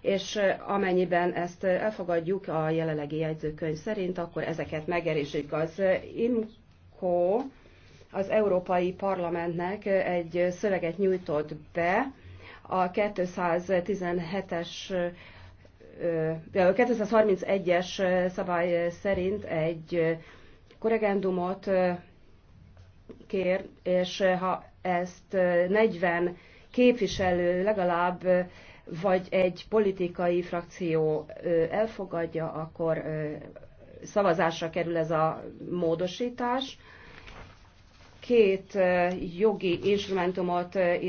és amennyiben ezt elfogadjuk a jelenlegi jegyzőkönyv szerint, akkor ezeket megerősítjük. Az IMCO az Európai Parlamentnek egy szöveget nyújtott be a 217-es 231-es szabály szerint egy korregendumot kér, és ha ezt 40 képviselő legalább vagy egy politikai frakció elfogadja, akkor szavazásra kerül ez a módosítás. Két jogi instrumentumot ír